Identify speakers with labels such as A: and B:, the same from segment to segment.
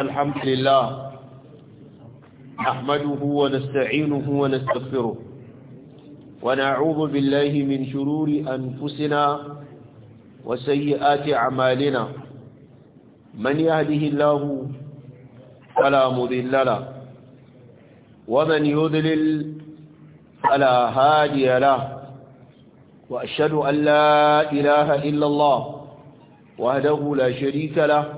A: الحمد لله نحمده ونستعينه ونستغفره ونعوذ بالله من شرور أنفسنا وسيئات أعمالنا من يهده الله فلا مضل له ومن يذلل فلا هادي له وأشهد أن لا إله إلا الله وهده لا شريك له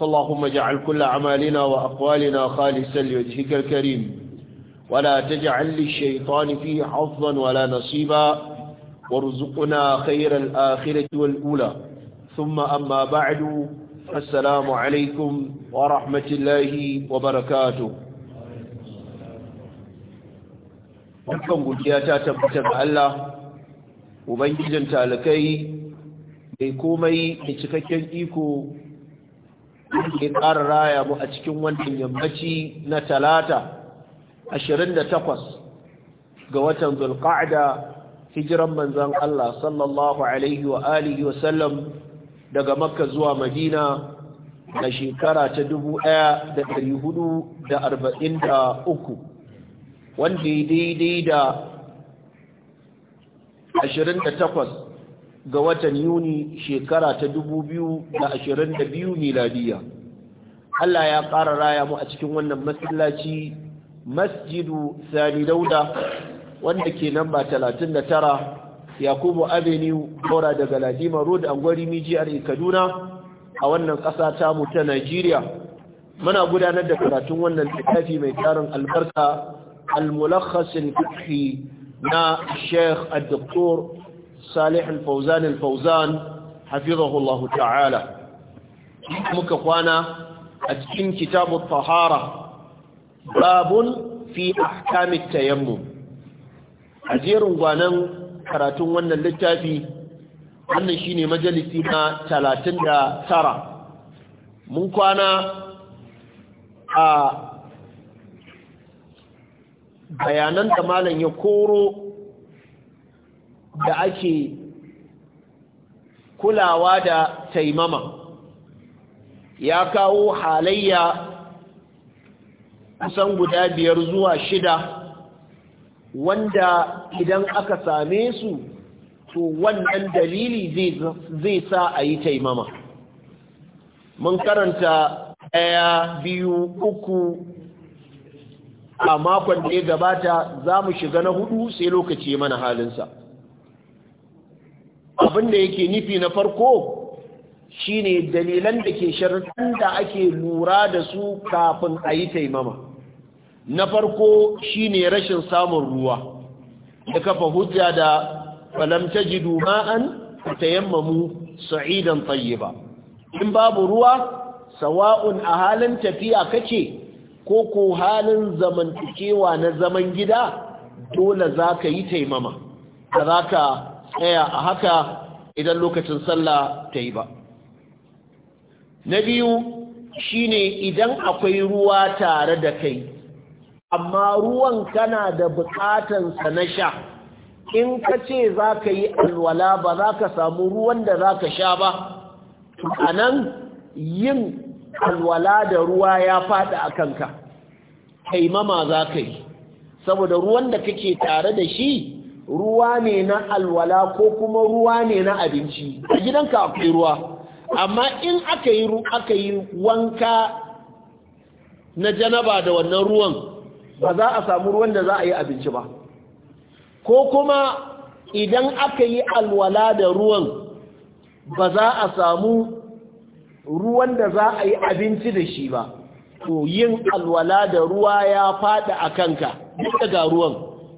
A: فاللهم اجعل كل أعمالنا وأقوالنا خالصا لوجهك الكريم ولا تجعل للشيطان فيه حظا ولا نصيبا وارزقنا خير الآخرة والأولى ثم أما بعد السلام عليكم ورحمة الله وبركاته Dukkan gudiya ta tabbata ga Allah, Ubangijin talakai, mai komai da cikakken iko ya ƙara raya mu a cikin wannan yammaci na talata 28 ga watan zulqa'da hijiran manzan Allah sallallahu alaihi wa alihi wa sallam daga makka zuwa madina na shekara ta dubu ɗaya da da da hudu arba'in uku, wanda ya daidai da ashirin da takwas ga watan Yuni shekara ta 2022 miladiya Allah ya ƙara raya mu a cikin wannan masallaci Masjidu Sani Dauda wanda ke namba 39 Yakubu Avenue Bora daga Ladima Road Angwari Mijiyar Kaduna a wannan ƙasa ta mu ta Najeriya muna gudanar da karatun wannan littafi mai tarin albarka al-mulakhas al na Sheikh Al-Doktor salih al fauzan al-fawzan hafizahullahu ta'ala muka kwana a cikin kitabu fahara. babun fi ahkami tayammum a jerin gwanan karatun wannan littafi wannan shine majalisi na tara. mun kwana a bayanan da malam ya koro da ake kulawa da taimama ya kawo halayya kusan guda biyar zuwa shida wanda idan aka same su to wannan dalili zai sa a yi taimama mun karanta ɗaya biyu uku a makon da ya gabata za mu shiga na hudu sai lokaci mana halinsa abin da yake nufi na farko shine dalilan da ke sharuɗan da ake lura da su kafin a yi taimama na farko shine rashin samun ruwa da kafa hujja da falamta ji duma'an ta yammamu sa'idan ba. in babu ruwa sawa'un a halin tafiya kace ko ko halin zamantakewa na zaman gida dole za ka yi taimama ba za ka tsaya a haka idan lokacin sallah ta yi ba na biyu shine idan akwai ruwa tare da kai amma ruwan kana da bukatansa na sha in ka ce za ka yi alwala ba za ka samu ruwan da za ka sha ba a nan yin alwala da ruwa ya faɗi a kanka kaimama za ka yi saboda ruwan da kake tare da shi ruwa ne na alwala ko kuma ruwa ne na abinci a gidanka akwai ruwa amma in aka yi wanka na janaba da wannan ruwan ba za a samu ruwan da za a yi abinci ba ko kuma idan aka yi alwala da ruwan ba za a samu ruwan da za a yi abinci da shi ba to yin alwala da ruwa ya fada a kanka daga ruwan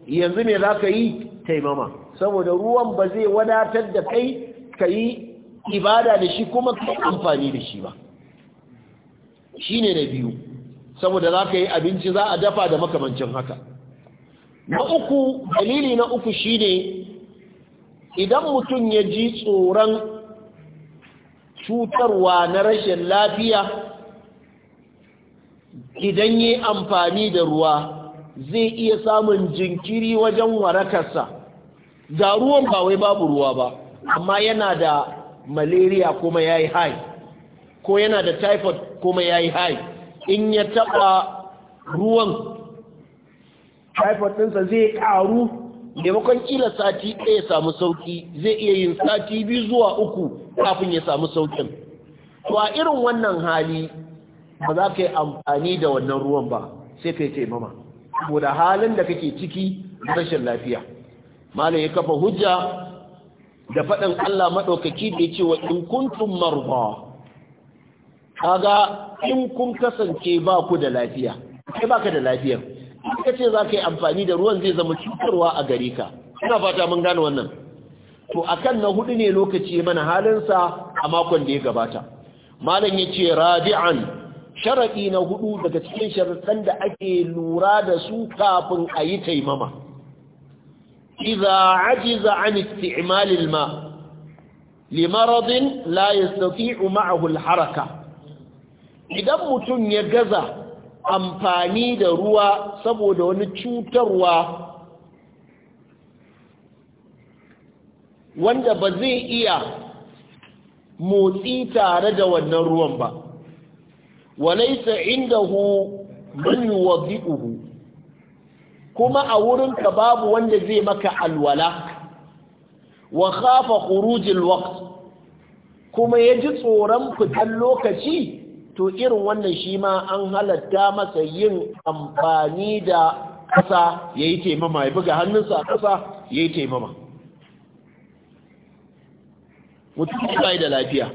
A: yanzu ne za ka yi taimama saboda ruwan ba zai wadatar da kai ka yi ibada da shi kuma ka amfani da shi ba shi ne na biyu saboda za ka yi abinci za a dafa da makamancin haka na uku dalili na uku shi ne idan mutum ya ji tsoron cutarwa na rashin lafiya idan yi amfani da ruwa zai iya samun jinkiri wajen warakarsa ga ruwan ba wai babu ruwa ba amma yana da malaria kuma ya yi hai ko yana da typhoid kuma ya yi hai in ya taɓa ruwan typhoid ɗinsa zai ƙaru maimakon ƙila sati ɗaya samu sauƙi zai iya yin sati biyu zuwa uku kafin ya samu saukin to a irin wannan hali ba za ka yi amfani da wannan ruwan ba sai ka yi taimama saboda halin da kake ciki rashin lafiya malam ya kafa hujja da faɗin Allah maɗaukaki da ya ce wa in kuntum marba kaga in kun kasance ba ku da lafiya kai baka da lafiya in ka ce za ka yi amfani da ruwan zai zama cutarwa a gare ka ina fata mun gane wannan to akan na hudu ne lokaci mana halin sa a makon da ya gabata malam ya ce rabi'an sharaɗi na hudu daga cikin sharadan da ake lura da su kafin a yi taimama إذا عجز عن استعمال الماء لمرض لا يستطيع معه الحركة idan mutum ya gaza amfani da ruwa saboda wani cutarwa wanda ba zai iya motsi tare da wannan ruwan ba walaisa indahu man yuwaddi'uhu kuma a wurinka babu wanda zai maka alwala wa khafa khurujil waqt kuma ya ji tsoron fitan lokaci to irin wannan shi ma an halatta masa yin amfani da ƙasa ya yi taimama ya buga hannunsa a ƙasa ya yi taimama mutum ba da lafiya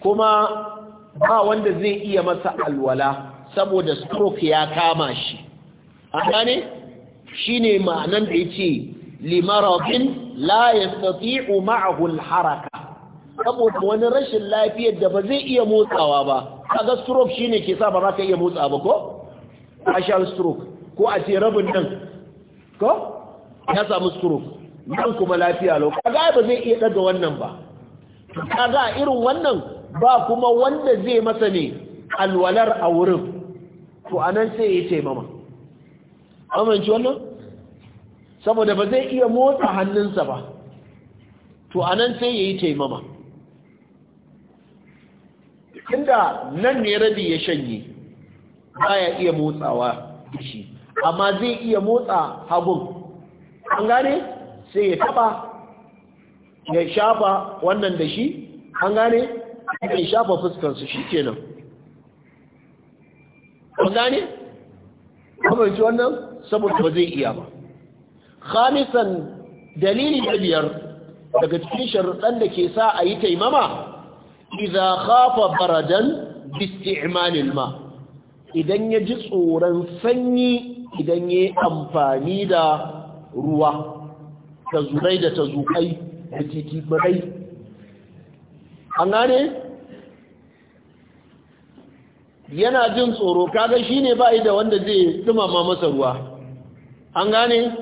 A: kuma ba wanda zai iya masa alwala saboda stroke ya kama shi an gane shine ma'anan da ce limarabin la yastati'u ma'ahu al-haraka saboda wani rashin lafiyar da ba zai iya motsawa ba kaga stroke shine ke sa ba za ka iya motsa ba ko ashal stroke ko a ce rabin nan ko ya samu stroke nan kuma lafiya lau kaga ba zai iya daga wannan ba kaga irin wannan ba kuma wanda zai masa ne alwalar a wurin to anan sai ya ce mama amince wannan saboda ba zai iya motsa hannunsa ba to anan sai ya yi taimama inda nan ne rabi ya shanye ba ya iya motsawa shi amma zai iya motsa hagun an gane sai ya taba ya shafa wannan da shi an gane ya shafa fuskansu shi kenan kuma ji wannan saboda ba zai iya ba khamisan dalili na biyar daga cikin sharuɗan da ke sa a yi taimama Iza khafa baradan bi isti'malil ma idan ya ji tsoron sanyi idan ya yi amfani da ruwa ta zurai da ta zuƙai da titibirai an gane yana jin tsoro kaga shine bai da wanda zai dumama masa ruwa an gane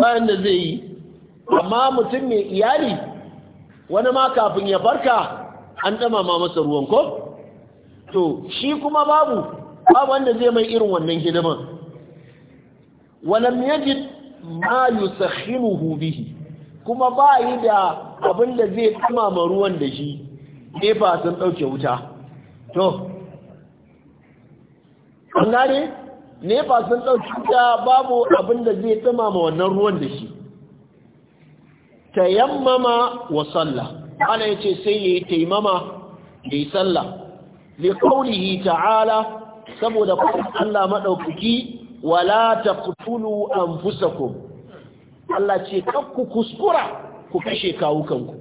A: bayan da zai yi amma mutum mai iyali wani ma kafin ya farka an dumama masa ruwan ko to shi kuma babu babu wanda zai mai irin wannan hidiman walam yajid ma yusakhinuhu bihi kuma ba yi da abin da zai dumama ruwan da shi ba sun dauke wuta to an gane nefa sun ɗauki ta babu abin da zai ma wannan ruwan da shi yammama wa tsalla ana yace sai ya yi taimama da zai li qawlihi ta'ala saboda Allah maɗaukaki, wala fusa ku Allah ce kakku kuskura ku kashe kawukanku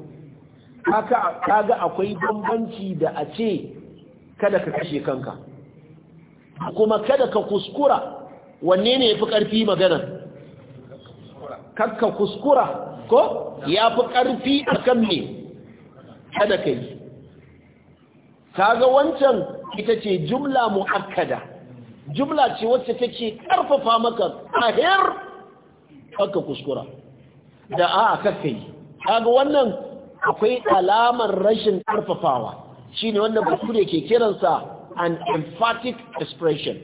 A: haka kaga akwai bambanci da a ce kada ka kashe kanka kuma kada ka kuskura wanne ne yafi karfi magana kakka kuskura ko yafi karfi akan me kada kai kaga wancan ita ce jumla muakkada jumla ce wacce take karfafa maka ahir kakka kuskura da a kakka yi kaga wannan akwai alamar rashin karfafawa shine wanda bature ke kiransa an emphatic expression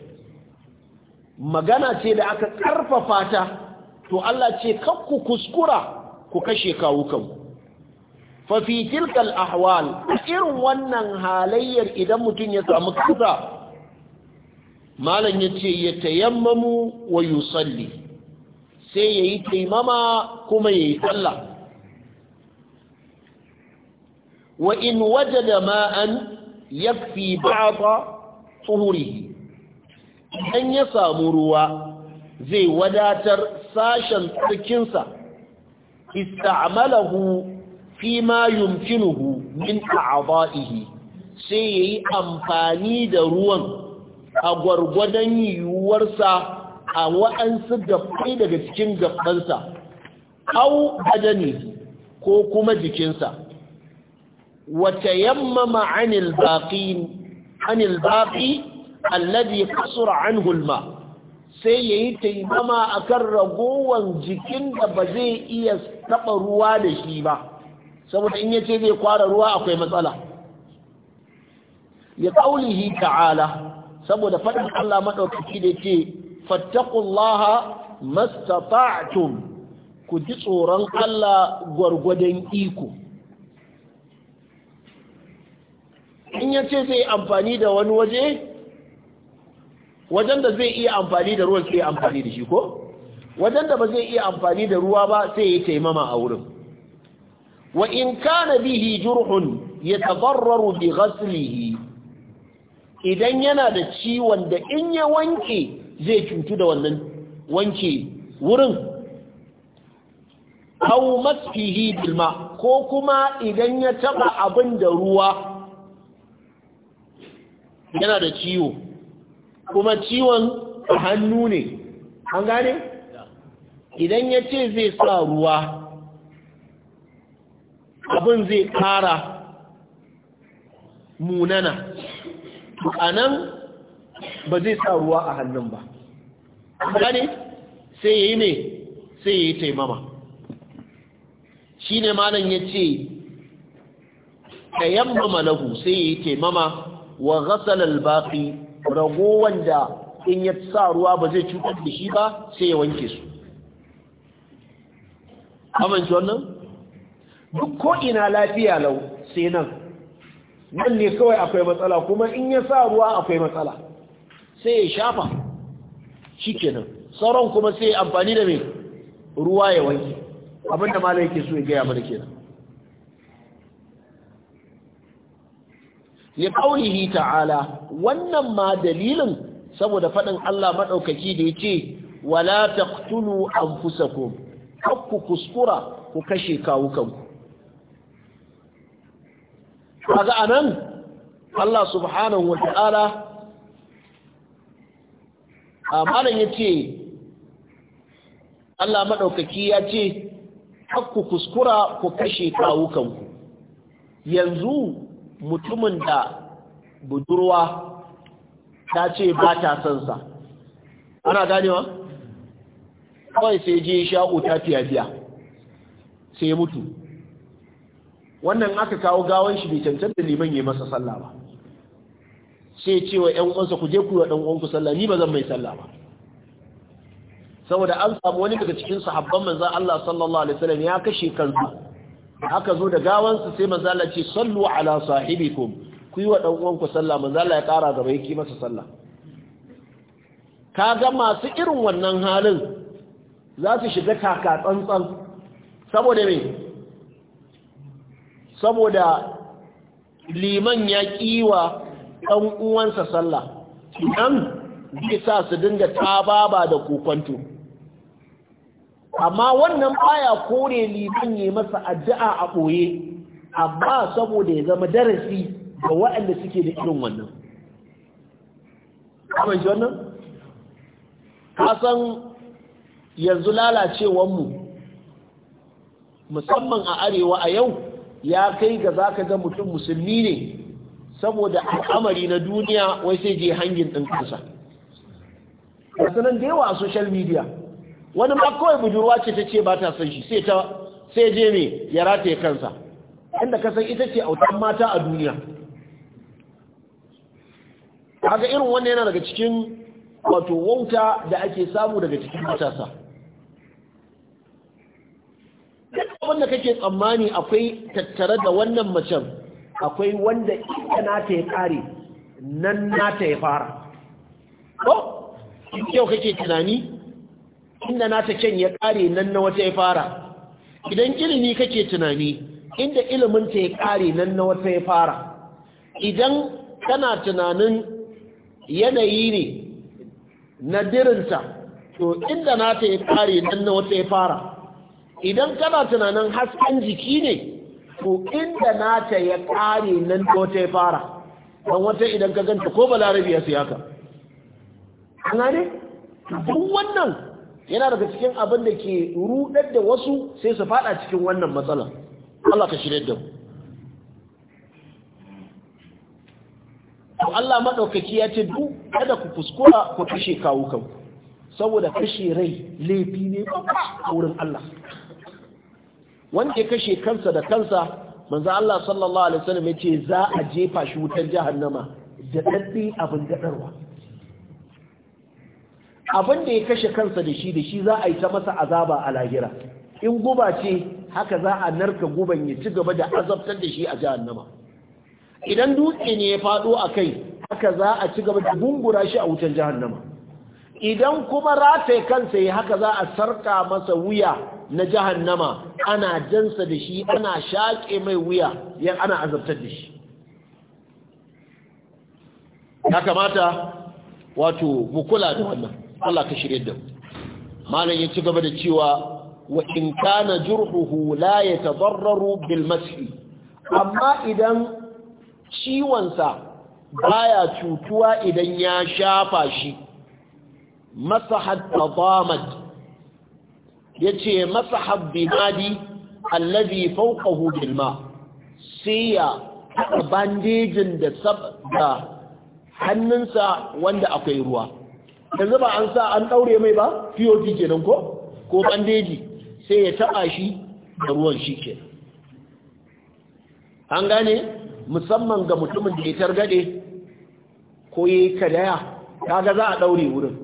A: magana ce da aka karfafa ta to Allah ce kakku kuskura ku kashe kawukan kawukanku fafi tilkal ahwal irin wannan halayyar idan mutum ya samu kaza malam yace ya tayammamu wa yusalli sai yayi yi taimama kuma yayi yi sallah wa in wajada ma'an yakfi ba'da tuhurihi idan ya samu ruwa zai wadatar sashen tsarkinsa ista'malahu fi ma yumkinuhu min a'dahi sai yayi amfani da ruwan a yiwuwarsa a wa'ansu gabbai daga cikin gabbansa au badani ko kuma jikinsa وتيمم عن الباقين عن الباقي الذي قصر عنه الماء سيئي iya taɓa جكين بزيئي shi لشيبا saboda in ce zai kwara ruwa akwai matsala ya qaulihi ta'ala saboda fadin Allah madaukaki da yake fattaqullaha mastata'tum ku ji tsoron Allah gwargwadon iko in ya ce zai amfani da wani waje wajen da zai iya amfani da ruwan sai amfani da shi ko wajen da ba zai iya amfani da ruwa ba sai ya taimama a wurin wa in kana bihi jurhun yatadarraru bi ghaslihi idan yana da ciwon da in ya wanke zai cutu da wannan wanke wurin aw masfihi bilma ko kuma idan ya taba abin da ruwa yana da ciwo kuma ciwon a hannu ne an gane idan ya ce zai sa ruwa abin zai kara munana a nan ba zai sa ruwa a hannun ba gane sai ya yi ne sai ya yi taimama shi ne malam ya ce ka yamma malahu sai ya yi taimama wa ghasala al-baqi ragowan da in ya sa ruwa ba zai cutar da shi ba sai ya wanke su amince wannan duk ko ina lafiya lau sai nan nan ne kawai akwai matsala kuma in ya sa ruwa akwai matsala sai ya shafa shi kenan. sauran kuma sai amfani da mai ruwa ya wanke abinda malai yake so ya gaya mana kenan li qawlihi ta'ala wannan ma dalilin saboda fadin Allah madaukaki da yace wala taqtulu anfusakum hakku kuskura ku kashe kawukanku kaga anan Allah subhanahu wa ta'ala amalan yace Allah madaukaki yace hakku kuskura ku kashe kawukanku yanzu mutumin da budurwa ta ce ba ta son sa ana ganewa kawai sai je sha'u ta fiya-fiya sai mutu wannan aka kawo gawan shi bai da liman ya masa sallah ba sai ce wa ‘yan uwansa ku je ku wa ɗan uwanku sallah ni ba zan mai sallah ba saboda an samu wani daga cikin sahabban manzan Allah sallallahu alaihi wasallam ya kashe kansa aka zo da gawansu sai manzala ce sallu ala sahibikum ku yi wa ɗan'uwanku sallah manzala ya ƙara gaba yake masa sallah kaga masu irin wannan halin za su shiga kaka tsantsan saboda me saboda liman ya kiwa ɗan uwansa sallah idan bisa su dinga tababa da kokonto amma wannan baya kore liban ya masa addu'a a ɓoye amma saboda ya zama darasi ga waɗanda suke da irin wannan kamar shi wannan? kasan yanzu lalacewanmu musamman a arewa a yau ya kai ga za ka ga mutum musulmi ne saboda al'amari na duniya wai sai je hangin ɗin kansa. nan da yawa a social media wani ma kawai budurwa ce ta ce ba ta son shi sai ta sai je ne ya rataye kansa inda ka san ita ce autan mata a duniya haka irin wannan yana daga cikin wato wauta da ake samu daga cikin matasa wanda kake tsammani akwai tattare da wannan macen akwai wanda ita nata ya kare nan nata ya fara ko yau kake tunani inda na ta ya ƙare nan na wata ya fara idan ilimi kake tunani inda iliminta ya ƙare nan na wata ya fara idan kana tunanin yanayi ne na dirinta to inda na ta ya ƙare nan na wata ya fara idan kana tunanin hasken jiki ne to inda na ta ya ƙare nan na wata ya fara don wata idan ka ganta ko balarabiya su yaka an gane duk wannan yana daga cikin abin da ke rudar da wasu sai su fada cikin wannan matsala. Allah ka shirye da Ku Allah madaukaki ya ce duk kada ku fuskura ku kashe kawo kan saboda kashe rai laifi ne a wurin Allah wanda ya kashe kansa da kansa manzo Allah sallallahu alaihi wasallam ya ce za a jefa shi wutar jahannama da daddi abin gadarwa abin da ya kashe kansa da shi da shi za a yi ta masa azaba a lahira in guba ce haka za a narka guban ya ci gaba da azabtar da shi a jahannama idan dutse ne ya faɗo a kai haka za a ci gaba da gungura shi a wutar jahannama idan kuma rataye kansa ya haka za a sarka masa wuya na jahannama ana jansa da shi ana shaƙe mai wuya yan ana azabtar da shi ya kamata wato mu kula da wannan Allah ka shirye da mu ya ci gaba da cewa wa in kana jurhuhu la yatadarraru bil mashi amma idan ciwon sa baya cutuwa idan ya shafa shi masahat tadamat yace masahat binadi alladhi fawqahu bil ma sai ya bandejin da sab da hannunsa wanda akwai ruwa yanzu ba an sa an ɗaure mai ba pop kenan ko ko bandeji sai ya taba shi da ruwan shi kenan an gane musamman ga mutumin da ya targade ko yayi kadaya kaga za a daure wurin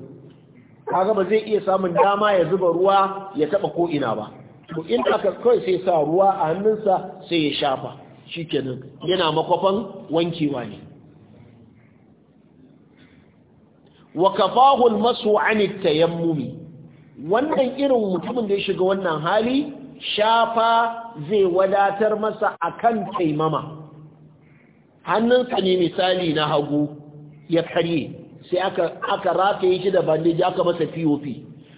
A: kaga ba zai iya samun dama ya zuba ruwa ya taɓa ko ina ba to in aka kai sai sa ruwa a hannunsa sai ya shafa shikenan yana makwafan wankewa ne wa kafahu almasu an tayammumi wannan irin mutumin da ya shiga wannan hali shafa zai wadatar masa akan taimama hannunsa ne misali na hagu ya karye sai aka aka rataye shi da bandeji aka masa POP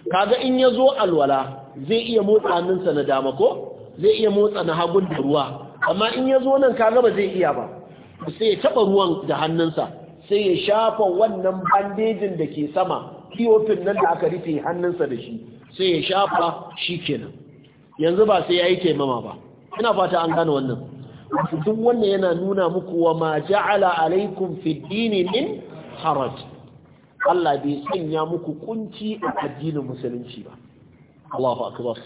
A: kaga in yazo alwala zai iya motsa hannunsa na dama ko zai iya motsa na hagun da ruwa amma in yazo nan kaga ba zai iya ba sai ya taɓa ruwan da hannunsa sai ya shafa wannan bandejin da ke sama kiyofin nan da aka rufe hannunsa da shi sai ya shafa shi kenan yanzu ba sai ya yi taimama ba ina fata an gane wannan duk wannan yana nuna muku wa ma ja'ala alaikum fi dini min haraj Allah bai sanya muku kunci a addinin musulunci ba Allahu akbar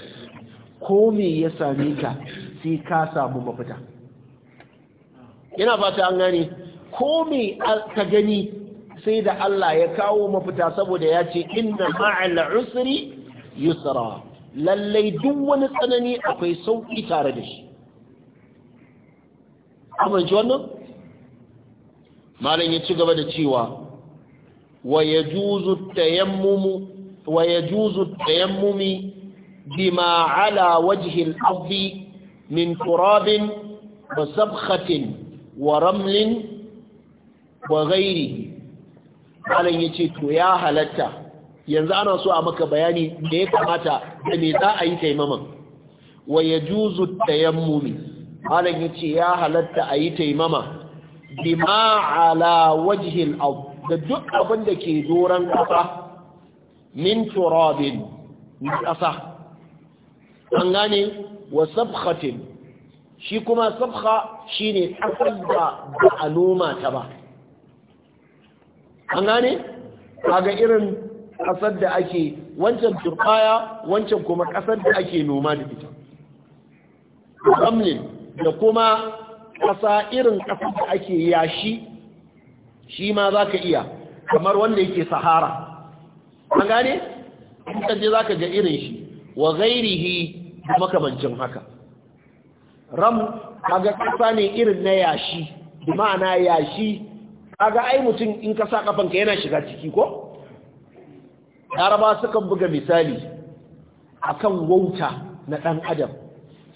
A: ko me ya same ka sai ka samu mafita ina fata an gane ko me ka gani sai da Allah ya kawo mafita saboda ya ce inna ma'al usri yusra lallai duk wani tsanani akwai sauki tare da shi amince wannan malam ya ci gaba da cewa wa yajuzu tayammumu wa yajuzu tayammumi bima ala wajhi al-ardi min turabin wa sabkhatin wa ramlin wa ghairi malam yace to ya halatta yanzu ana so a maka bayani da ya kamata da me za a yi taimaman wa yajuzu tayammumi malam yace ya halatta a yi taimama bima ala wajhi al da duk abin da ke doran kasa min turabin na kasa an gane wa sabkhatin shi kuma sabkha shine kasar da ba a noma ta ba an gane ga irin kasar da ake wancan turbaya wancan kuma kasar da ake noma da ita Ramlin da kuma ƙasa irin kasar da ake yashi shi ma za ka iya kamar wanda yake sahara an gane? kaje za ka ga irin shi wa gairihi makamancin haka ram kaga ƙasa ne irin na yashi ma'ana yashi kaga ai mutum in ka sa kafanka yana shiga ciki ko Yaraba suka buga misali akan wauta na dan adam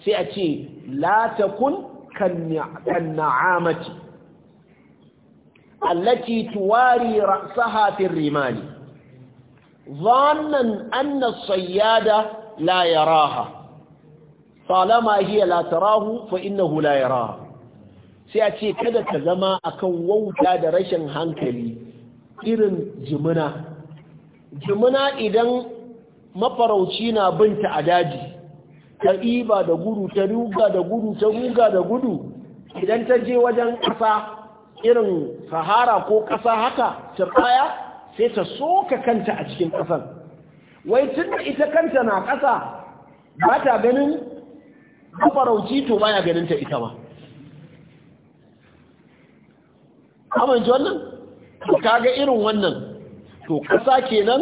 A: sai a ce la takun kan na'amati allati tuwari ra'saha fi rimani dhannan anna as-sayyada la yaraha طالما هي لا fa فإنه لا يراها sai a ce kada ka zama akan wauta da rashin hankali irin jimina jimina idan mafarauci na binta a daji ta iba da gudu ta ruga da gudu ta ruga da gudu idan ta je wajen ƙasa irin sahara ko ƙasa haka ta sai ta soka kanta a cikin ƙasar wai tun ita kanta na ƙasa ba ta ganin mafarauci to baya ganin ta ita ba ji wannan ga irin wannan to ƙasa kenan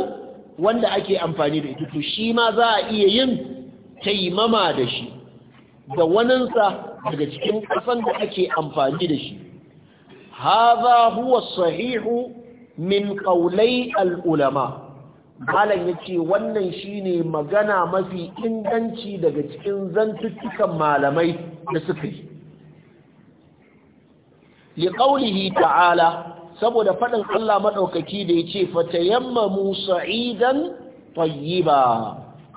A: wanda ake amfani da ita shi ma za a iya yin taimama da shi da waninsa daga cikin ƙasan da ake amfani da shi haza huwa sahihu min ƙaulai al'ulama malam ya ce wannan shi ne magana mafi inganci daga cikin zantuttukan malamai da suka yi liqaulihi ta'ala saboda faɗin Allah maɗaukaki da ya ce yamma sa'idan tayyiba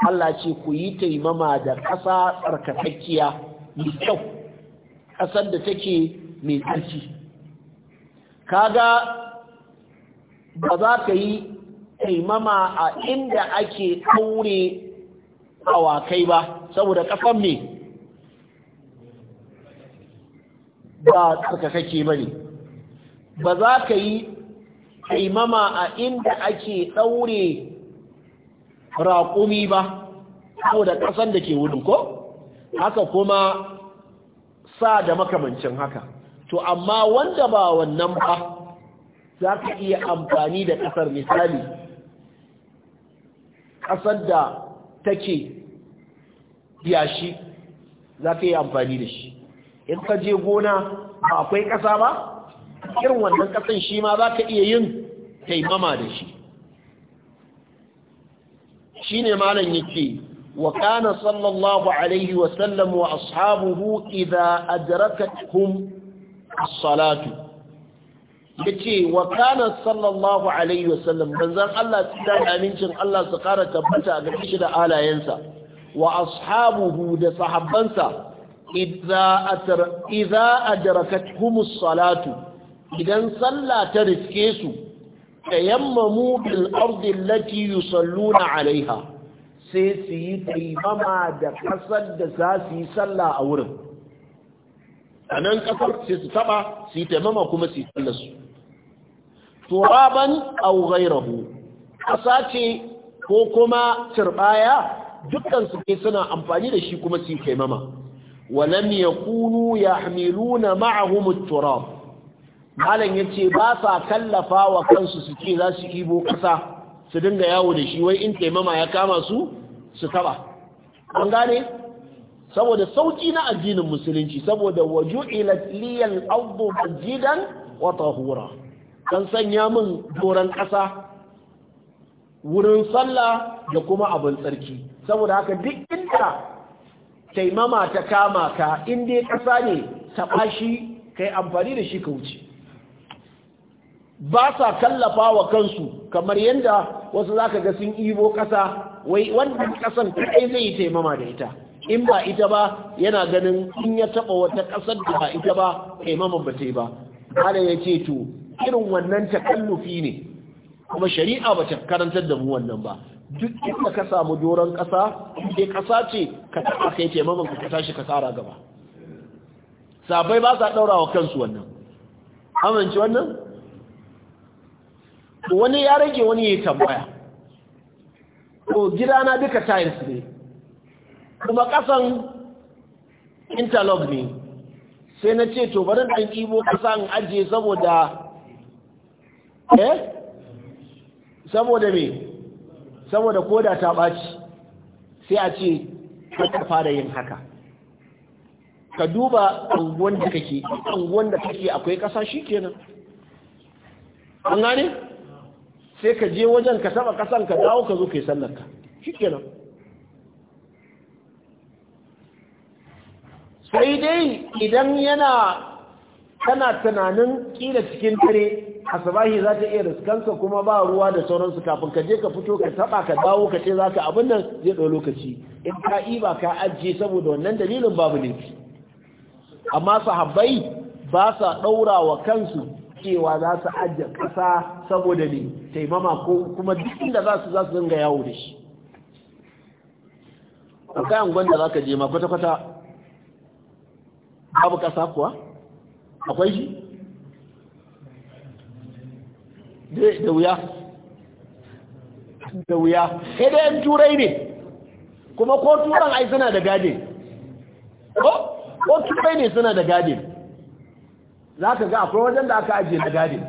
A: Allah ce ku yi taimama da ƙasa tsarkakakkiya mai kyau ƙasar da take mai tsarki kaga ba za ka yi taimama a inda ake ɗaure awakai ba saboda ƙasar mai ba tsarkakakke ba ne ba za ka yi taimama a inda ake ɗaure raƙumi ba da ƙasan da ke wudu ko haka kuma sa da makamancin haka to amma wanda ba wannan ba za ka iya amfani da ƙasar misali ƙasar da take yashi za ka yi amfani da shi in ka je gona ba akwai ƙasa ba irin wannan ƙasan shi ma za ka iya yin taimama da shi shi ne malam yake wa kana sallallahu alaihi wasallam wa ashabuhu idza adrakatuhum as-salatu ya ce wa kana sallallahu alaihi wasallam manzan Allah da amincin Allah su kara tabbata ga gaske shi da alayensa wa ashabuhu da sahabbansa a darakat as-salatu idan sallah ta riske su tayammamu bil ardi allati yusalluna alaiha sai su yi taimama da kasar da za su yi sallah a wurin a nan kasar sai su taba su yi taimama kuma su yi sallah su turaban au kasa ce ko kuma turbaya dukkan su ke suna amfani da shi kuma su yi taimama walam yakunu yahmiluna ma'ahum at-turab malan yace ba sa kallafa wa kansu su ce za su ibo kasa su dinga yawo da shi wai in taimama ya kama su su taba an gane saboda sauki na addinin musulunci saboda waju'ilat liyal ardu masjidan wa tahura kan sanya min doran kasa wurin sallah da kuma abin tsarki saboda haka duk inda taimama ta kama ka in dai ƙasa ne ta ɓashi ka yi amfani da shi ka wuce ba sa kallafa wa kansu kamar yadda wasu za ka ga sun ibo ƙasa wai wannan ƙasan kaɗai zai yi taimama da ita in ba ita ba yana ganin in ya taɓa wata ƙasar da ba ita ba taimaman ba ta yi ba hada ya ce to irin wannan takallufi ne kuma shari'a ba ta karantar da mu wannan ba duk inda ka samu doron ƙasa inda ƙasa ce ka taɓa kai taimakon ka tashi ka tsara gaba sabai ba sa ɗaura wa kansu wannan amince wannan wani ya rage wani ya tambaya ko gidana duka tiles ne kuma ƙasan interlock ne sai na ce to barin ɗan ƙibo ƙasa an ajiye saboda eh saboda me saboda koda ta ɓaci sai a ce ka fara yin haka ka duba anguwan da kake anguwan da kake akwai ƙasa shi kenan an gane sai ka je wajen ka taɓa ƙasan ka dawo ka zo ka yi ka shi kenan sai dai idan yana kana tunanin kila cikin dare asabahi za ta iya riskansa kuma ba ruwa da sauransu kafin ka je ka fito ka taba ka dawo ka ce za ka abin nan zai ɗau lokaci in ka ba ka ajiye saboda wannan dalilin babu laifi amma sahabbai ba sa ɗaura wa kansu cewa za su ajiye ƙasa saboda ne taimama ko kuma duk inda za su za su zanga yawo da shi a kayan gwanda za ka je ma kwata-kwata babu ƙasa kuwa akwai shi da wuya da wuya sai da yan turai ne kuma ko turan ai suna da gadin ko turai ne suna da gadin za ka ga akwai wajen da aka ajiye na gadin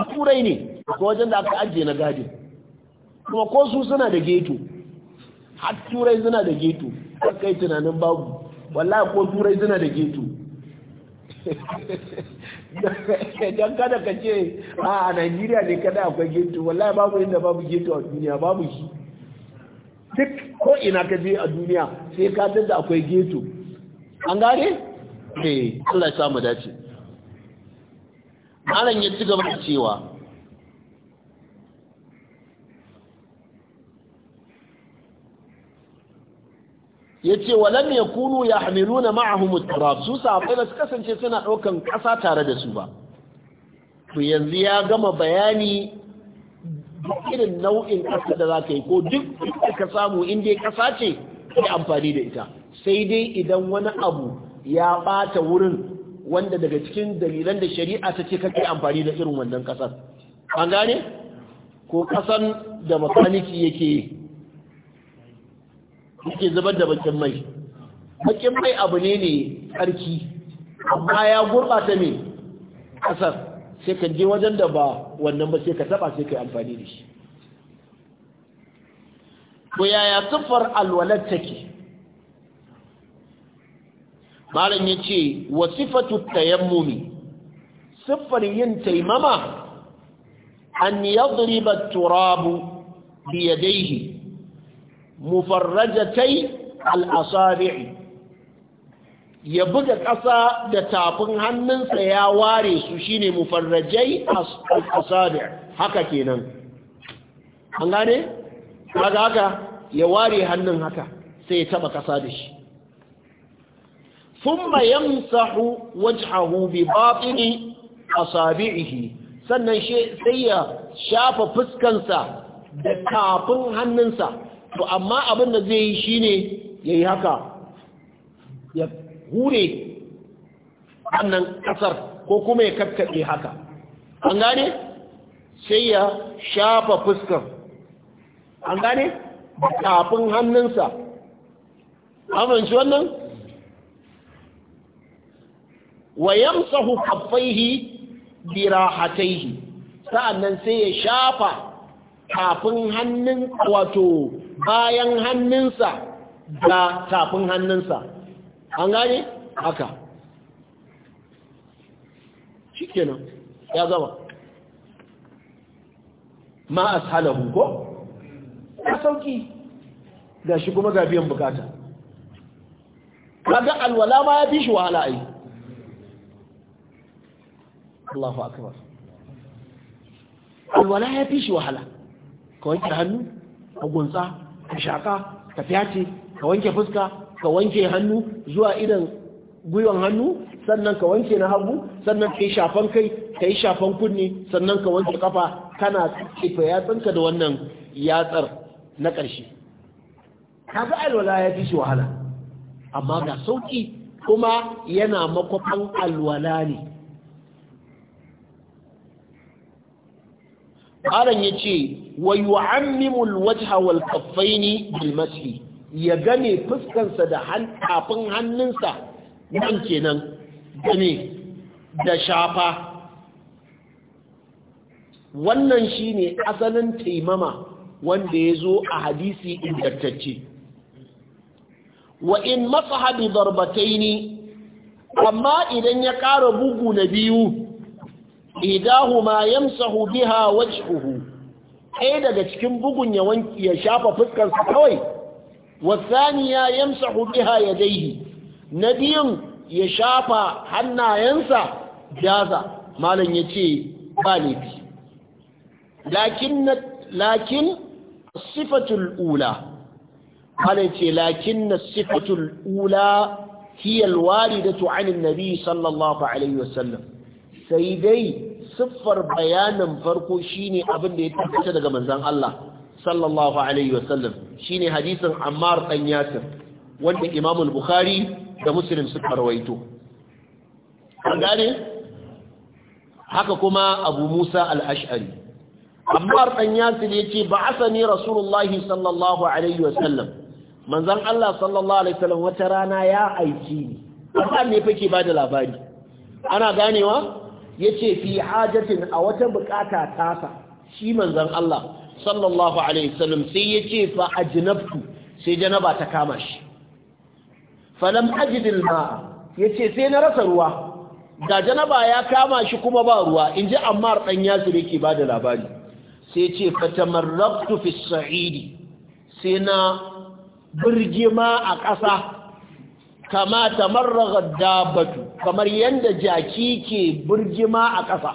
A: a turai ne akwai wajen da aka ajiye na gadin kuma ko su suna da geto har turai suna da geto kai tunanin babu wallahi ko turai suna da geto don kada ka ce a a Najeriya ne kada akwai geto wallahi babu inda babu geto a duniya babu shi duk ko ina ka je a duniya sai ka da akwai gito an gane? eh Allah ya samu dace malam ya ci gaba da cewa yace walam yakunu yahmiluna ma'ahum at-turab su sa ba su kasance suna ɗaukan ƙasa tare da su ba to yanzu ya gama bayani irin nau'in kasa da za ka yi ko duk ka samu in dai ƙasa ce yi amfani da ita sai dai idan wani abu ya ɓata wurin wanda daga cikin dalilan da shari'a ta ce kake amfani da irin wannan kasar an gane ko ƙasan da makaniki yake yi yake zubar da bakin mai bakin mai abu ne ne tsarki amma ya gurɓata ne ƙasar sai ka je wajen da ba wannan ba sai ka taɓa sai ka yi amfani da shi ko yaya siffar alwalar take malam ya ce wa sifatu tayammumi siffar yin taimama an yadriba turabu biyadaihi mufarrajatai al’asari’i ya buga ƙasa da tafin hannunsa ya ware su shine mufarrajai al’asari’i haka kenan an gane? haka haka ya ware hannun haka sai ya taba ƙasa da shi ثم يمسح وجهه بباطن أصابعه sannan sai ya shafa fuskansa da tafin hannunsa to amma abin da zai yi shine ya yi haka ya hure wannan ƙasar ko kuma ya kakkaɓe haka an gane sai ya shafa fuskar an gane kafin hannunsa amince wannan wa yamsahu kaffaihi birahataihi sa'annan sai ya shafa kafin hannun wato bayan hannunsa da tafin hannunsa an gane haka shi kenan ya zama ma ashalahu ko ya sauki ga shi kuma ga biyan bukata kaga alwala ma ya fi shi wahala ai Allahu akbar alwala ya fi shi wahala ka wanke hannu a gunsa ka shaƙa ka fyace ka wanke fuska ka wanke hannu zuwa idan gwiwan hannu sannan ka wanke na hagu sannan ka yi shafan kai ka yi shafan kunni sannan ka wanke kafa kana ya tsanka da wannan yatsar na ƙarshe kaga alwala ya fi shi wahala amma ga sauƙi kuma yana makwafan alwala ne malam ya ce wa yu'ammimul wajha wal kaffaini bil mashi ya game fuskansa da kafin hannunsa nan kenan game da shafa wannan shine asalin taimama wanda ya zo a hadisi ingantacce wa in masaha bi ne. amma idan ya ƙara bugu na biyu idahuma yamsahu biha wajhuhu ɗaya daga cikin bugun ya wanki ya shafa fuskarsa kawai wasaniya yamsahu biha yadayhi na biyun ya shafa hannayensa jaza malam yace ba bi. lakin lakin sifatul ula malam ce lakin sifatul ula hiya alwaridatu 'ala an-nabi sallallahu alaihi wasallam sai dai siffar bayanin farko shine abin da ya tabbata daga manzon Allah sallallahu alaihi wasallam shine hadisin Ammar dan Yasir wanda Imam al-Bukhari da Muslim suka rawaito an gane haka kuma Abu Musa al-Ash'ari Ammar dan Yasir yace ba'athani Rasulullahi sallallahu alaihi wasallam manzon Allah sallallahu alaihi wasallam wata rana ya aiki ni Allah ne fake bada labari ana ganewa Ya ce fi hajatin a wata bukata tasa shi manzon Allah sallallahu alaihi wasallam sai ya ce fa ajnabtu sai janaba ta kama shi falam ajid ya ce sai na rasa ruwa da janaba ya kama shi kuma ba ruwa in ji amma inji Ammar da ke ba da labari sai ce yace fatamarrabtu fi sa'idi sai na birgima a ƙasa kama marraga dabatu kamar yadda jaki ke burgima a ƙasa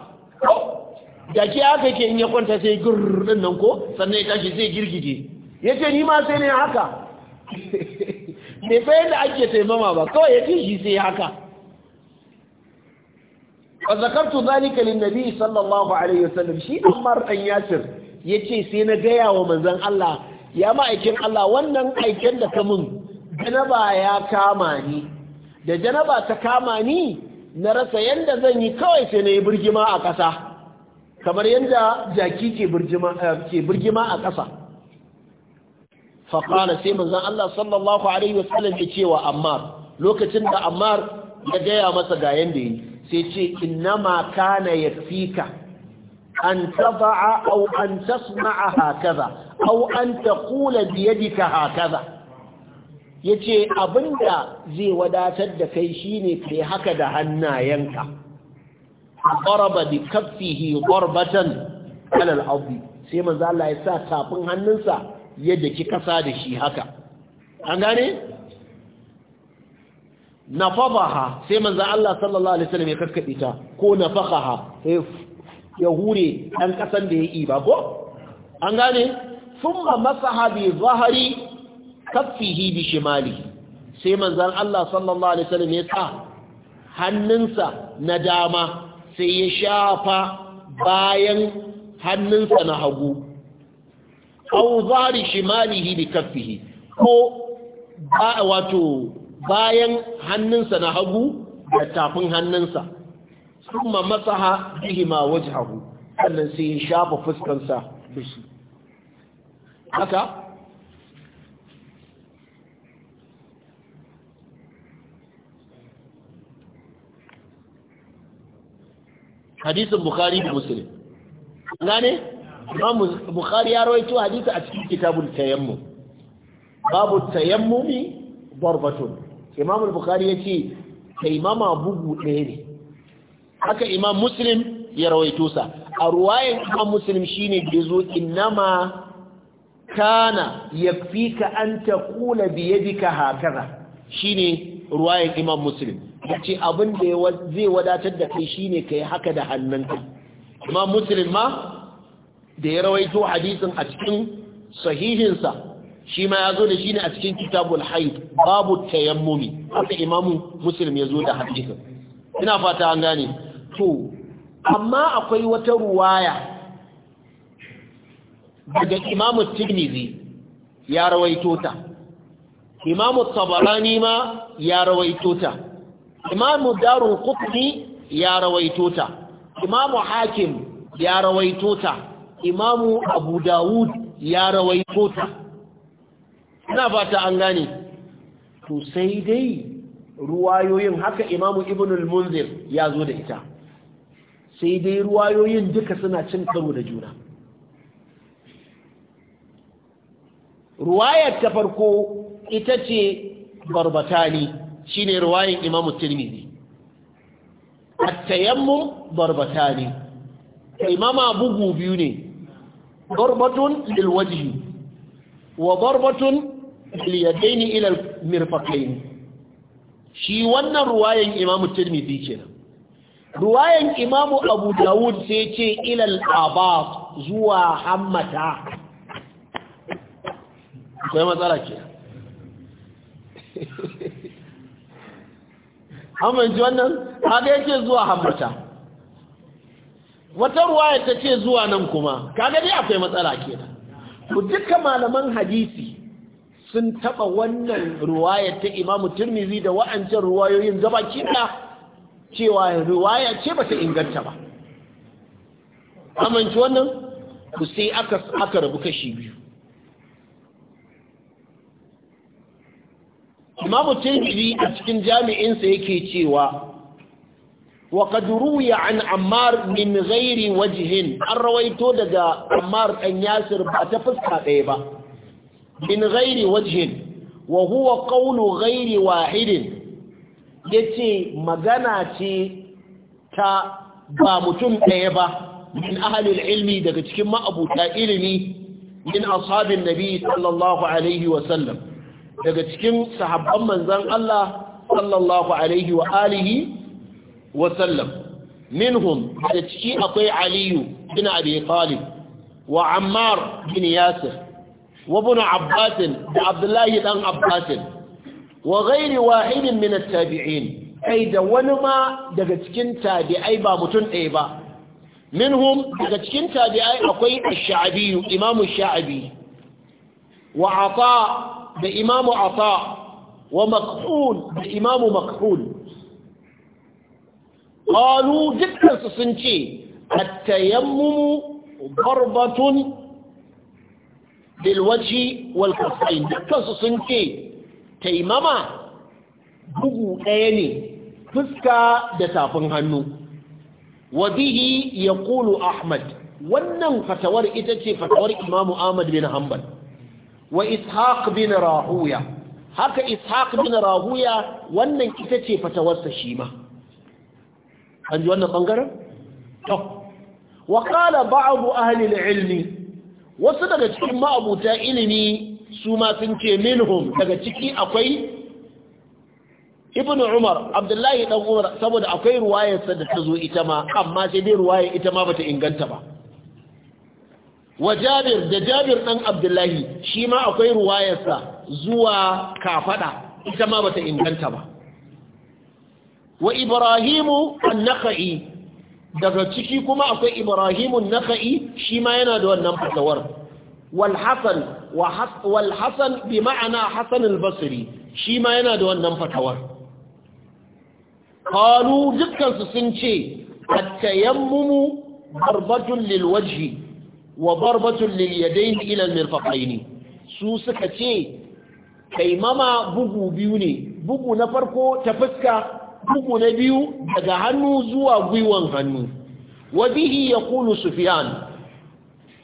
A: jaki haka ke in ya kwanta sai gurrun nan ko sannan ya tashi sai girgije ya ce ni ma sai ne haka Me fa yadda ake taimama ba kawai ya ce shi sai haka wa zakartu zalika lin nabi sallallahu alaihi wasallam shi Umar ɗan Yasir yace sai na gaya wa manzon Allah ya ma'aikin Allah wannan aikin da ka mun janaba ya kama ni da janaba ta kama ni na rasa yadda zan yi kawai sai na yi birgima a ƙasa kamar yadda jaki eh, ke birgima a ƙasa faƙala sai manzan Allah sallallahu Alaihi wasallam ya cewa ammar lokacin da ammar ya gaya masa ga yadda yi sai ce ma kana ya fika an tafa'a au an tasma'a hakaza au an taƙula biyadika hakaza ya ce abinda zai wadatar da kai shine kai haka da hannayenka ƙaraba da kafihi ƙorbatan alal abu sai maza Allah ya sa tafin hannunsa yadda ki kasa da shi haka an gane na ha sai maza Allah sallallahu alaihi wasallam ya karkade ta ko na ha ya hure ɗan ƙasan da ya yi ba ko an gane thumma masa bi zahari kaffihi bi shimali sai manzon Allah sallallahu alaihi wasallam ya sa hannunsa na dama sai ya shafa bayan hannunsa na hagu aw zari shimalihi bi kaffihi ko ba wato bayan hannunsa na hagu da tafin hannunsa summa masaha bihima wajhahu sannan sai ya shafa fuskansa da haka hadisin bukhari da muslim gane imam bukhari ya rawaito hadisi a cikin kitabul tayammum babu tayammumi darbatun imam bukhari yace mama bugu ɗaya ne haka imam muslim ya rawaito sa a ruwayan imam muslim shine da yazo innama kana yakfika an taqula bi yadika hakaza shine ruwayan imam muslim ya ce abin da zai wadatar da kai shine ka yi haka da hannunka kuma musulun ma da ya rawaito hadisin a cikin sahihinsa shi ma ya zo da shi ne a cikin kitabul haid babu tayammumi haka imamu musulun ya zo da hadisin ina fata an gane to amma akwai wata ruwaya daga imamu tirmidhi ya rawaito ta imamu tabarani ma ya rawaito ta imamu Daru qutni ya rawaito ta imamu hakim ya rawaito ta imamu abu dawud ya rawaito ta ina fata an gane to sai dai ruwayoyin haka imamu ibn al-munzir ya zo da ita sai dai ruwayoyin duka suna cin karo da juna ruwayar ta farko ita ce barbatani Shi ne riwayin Imam Tirmidhi at-tayammum ne imama bugu biyu ne barbatun lil wa barbatun lil ila al-mirfaqain shi wannan ruwayan Imam Tirmidhi kenan ruwayan Imam Abu Dawud sai ce ila al-abas zuwa hammata akwai matsala ke an wannan kaga yake zuwa hamata, wata ruwaya ya ce zuwa nan kuma kaga dai akwai matsala kenan ku duka malaman hadisi sun taba wannan ruwayar ta imamu Tirmizi da wa'ancan ruwayoyin gabaki da cewa ruwaya ce ba ta inganta ba amince wannan ku sai aka rabu kashi biyu imamu tirmidhi a cikin jami'insa yake cewa wa ya ruwiya an ammar min ghairi wajhin an rawaito daga ammar ɗan yasir ba ta fuska ɗaya ba min ghairi wajihin wa huwa qawlu ghairi wahidin yace magana ce ta ba mutum ɗaya ba min ahalil ilmi daga cikin ma'abuta ilimi min ashabin nabi sallallahu alaihi daga cikin sahabban manzan Allah sallallahu alaihi wa alihi wa sallam minhum da ciki akwai aliyu bin abi talib wa ammar bin yasir wa ibn abbas da abdullahi dan abbas wa ghairi wahidin min at-tabi'in ai da wani ma daga cikin tabi'ai ba mutum ɗaya ba minhum daga cikin tabi'ai akwai ash-sha'bi Imam ash-sha'bi wa ata da imamu ata wa makhul da imamu makhul qalu dukkansu sun ce at-tayammum barbatun bil wajhi wal kaffain dukkansu sun ce taimama bugu ɗaya ne fuska da tafin hannu wa bihi yaqulu ahmad wannan fatawar ita ce fatawar imamu ahmad bin hanbal wa ishaq bin rahuya haka ishaq bin rahuya wannan ita ce fatawarsa shi ma an ji wannan bangaren to wa qala ba'd ahli al wasu daga cikin ma'abuta ilimi su ma sun ce minhum daga ciki akwai ibn umar abdullahi dan umar saboda akwai ruwayarsa da ta zo ita ma amma sai dai ruwayar ita ma bata inganta ba wa jabir da jabir ɗan abdullahi shi ma akwai ruwayarsa zuwa kafaɗa ita ma bata inganta ba wa ibrahimu annaka'i daga ciki kuma akwai ibrahimu annaka'i shi ma yana da wannan fatawar wal bi ma'ana hasan al-basri shi ma yana da wannan fatawar qalu dukkansu sun ce at-tayammumu darbatun lil wajhi wa barbatun liyadain ila almirfaqaini su suka ce kaimama bugu biyu ne bugu na farko ta fuska bugu na biyu daga hannu zuwa gwiwan hannu Wabihi bihi yaqulu sufyan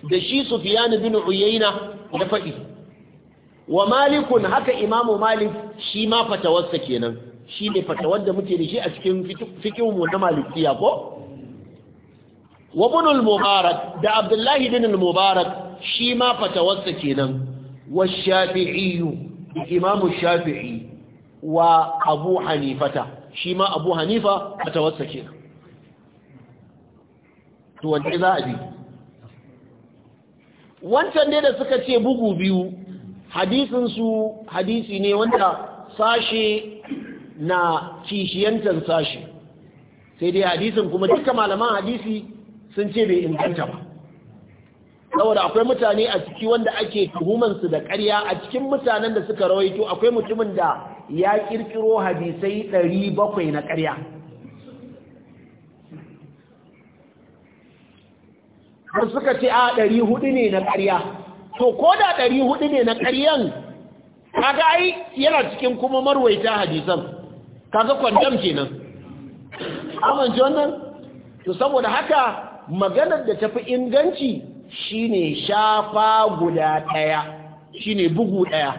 A: da shi sufyan bin uyayna da faɗi wa malikun haka imamu malik shi ma fatawarsa kenan shi ne fatawar da muke da shi a cikin fikinmu na malikiya ko wa bunul mubarak da abdullahi bin mubarak shi ma fatawarsa kenan wa shafi'i imamu shafi'i wa abu hanifata shi ma abu hanifa fatawarsa kenan to wanda za a bi wancan ne da suka ce bugu biyu hadisinsu hadisi ne wanda sashe na kishiyantar sashe sai dai hadisin kuma duka malaman hadisi sun ce bai inganta ba saboda akwai mutane a ciki wanda ake tuhumansu da ƙarya a cikin mutanen da suka rawaito akwai mutumin da ya kirkiro hadisai ɗari bakwai na ƙarya har suka ce a ɗari hudu ne na ƙarya to ko da ɗari hudu ne na ƙaryan kaga ai yana cikin kuma marwaita hadisan kaga kwandam kenan amince wannan to saboda haka maganar da tafi inganci shine shafa guda ɗaya shine bugu ɗaya